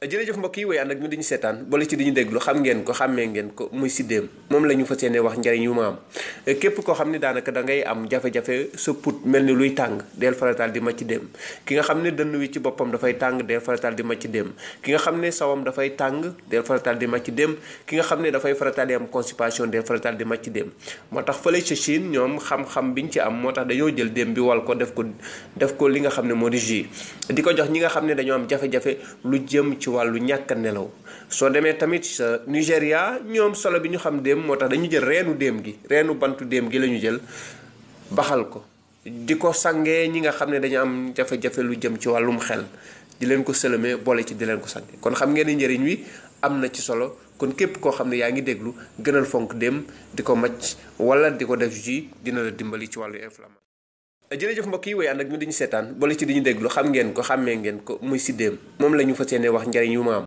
jërëjëf mbokk yi way ànd ak ñun dañu seetaan boole ci ñu déglu xam ngeen ko xàmmee ngeen ko muy siddeem moom la ñu fas yéene wax njariñ yu ma am képp koo xam ne daanaka dangay am jafe-jafe sa put mel ni luy tàng del faratal di ma ci dem ki nga xam ne dënn wi ci boppam dafay tàng del faratal di ma ci dem ki nga xam ne sawam dafay tàng del faratal di ma ci dem ki nga xam ne dafay faratal di am constipation del di ma ci dem moo tax fële ca Chine ñoom xam-xam ñu ci am moo tax dañoo jël dém bi wal ko def ko def ko li nga xam ne moo di jus di ko jox ñi nga xam ne dañoo am jafe-jafe lu jëm ci wàllu ñàkk nelaw soo demee tamit sa Nigéria ñoom solo bi ñu xam dem moo tax dañu jël reenu dem gi bantu déem gi la ñu jël baxal ko di ko sangee ñi nga xam ne dañu am jafe lu jëm ci wàllum xel di leen ko sëlëmee boole ci di leen ko sangee kon xam ngeen ne njëriñ wi am na ci solo kon képp koo xam ne yaa ngi déglu gënal fonk déem di ko macc wala di ko def ji dina la dimbali ci wàllu inflammation. jërëjëf mbokk yi way ànd ak ñu dañu seetaan boole ci di ñu déglu xam ngeen ko xàmmee ngeen ko muy si moom la ñu fas yéene wax njëriñ yu ma am